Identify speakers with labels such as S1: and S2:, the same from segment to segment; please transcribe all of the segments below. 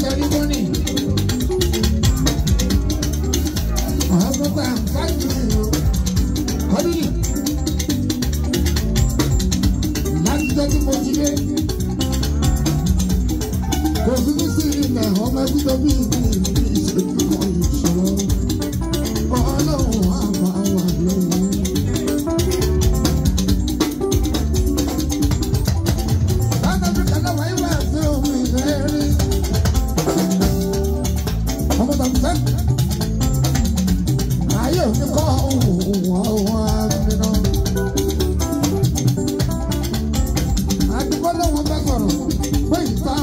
S1: ceremony. Ọ̀hún gbà ń fájú ọdún yìí. Látijọ́ tí mo ti dé, kò fi mí sí ìrìnà ọmọ ẹgbẹ́ lóun bẹ́ sọ̀rọ̀ pé ìta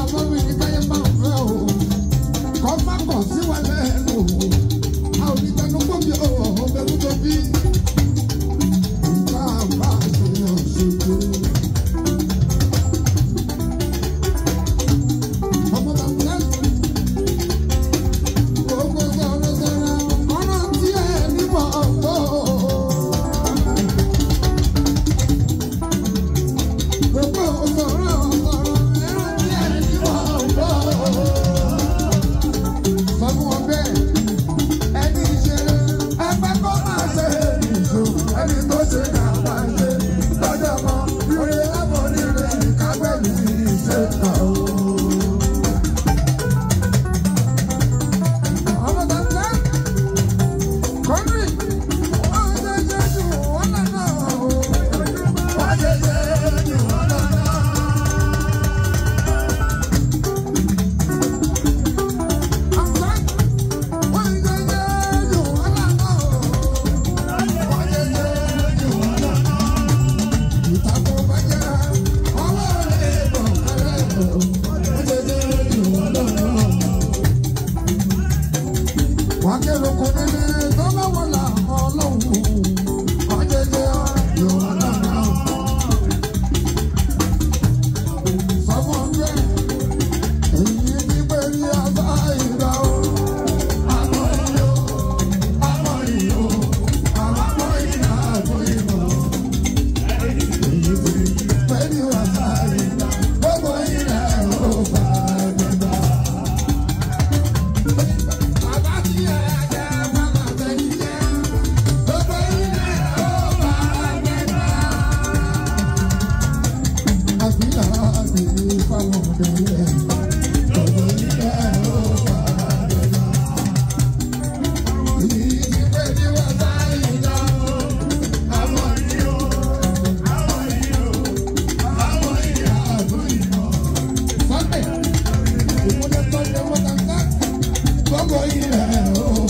S1: ilẹ̀ òkú.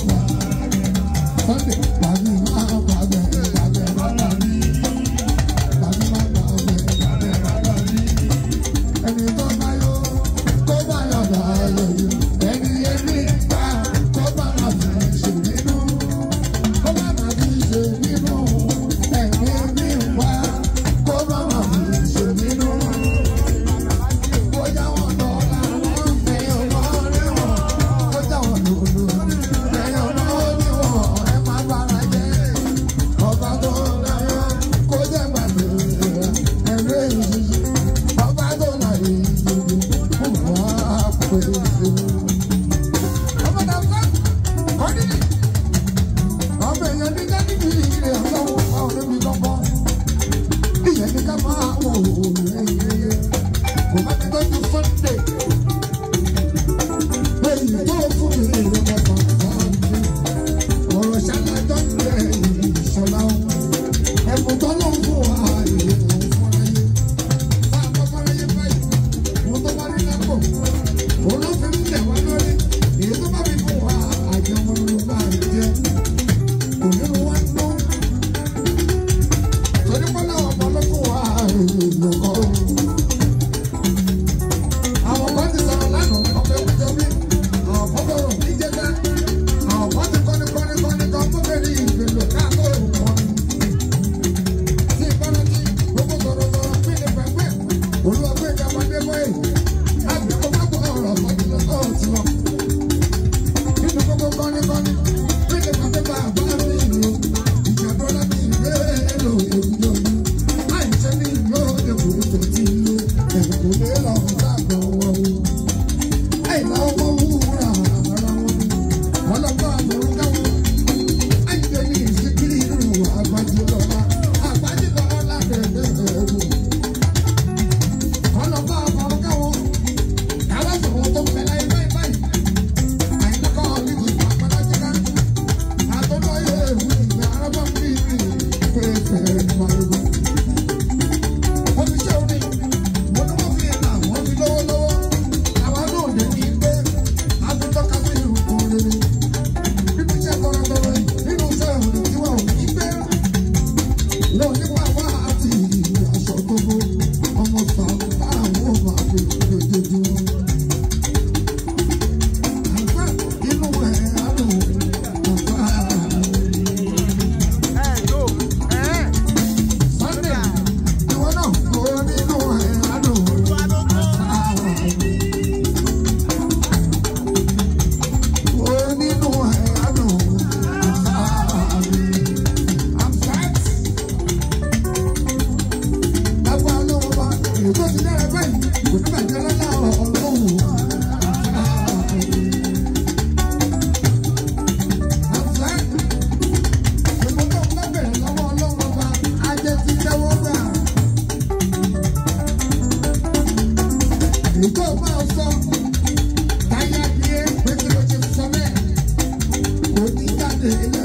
S1: Sunday wàá bí. Thank you. olùwàgbẹ́jà pàdé bọ́ẹ̀ àgbẹ̀kọ́ bá bọ̀ ọ̀rọ̀ pàdé lọ́tọ̀ tiwọn. nínú gbogbo kọ́ni-kọ́ni pété pàdé bá àbá mi lò ìjàdọ́ láti ìwé èlò òwúlò mi àìsẹ́ ní ìlú òde burúkú ti lo ẹ̀kú lé lọ́wọ́ sàgbọ̀ wọn o. àìlá ọmọ wúra ara wọn wọn lọ bá àbúrú káwọn àìsẹ́ ní ìsìnkiri ìrù àgbájú lọ́la àgbájú lọ́la bẹ̀rẹ̀ bẹ̀rẹ̀ No, Yeah.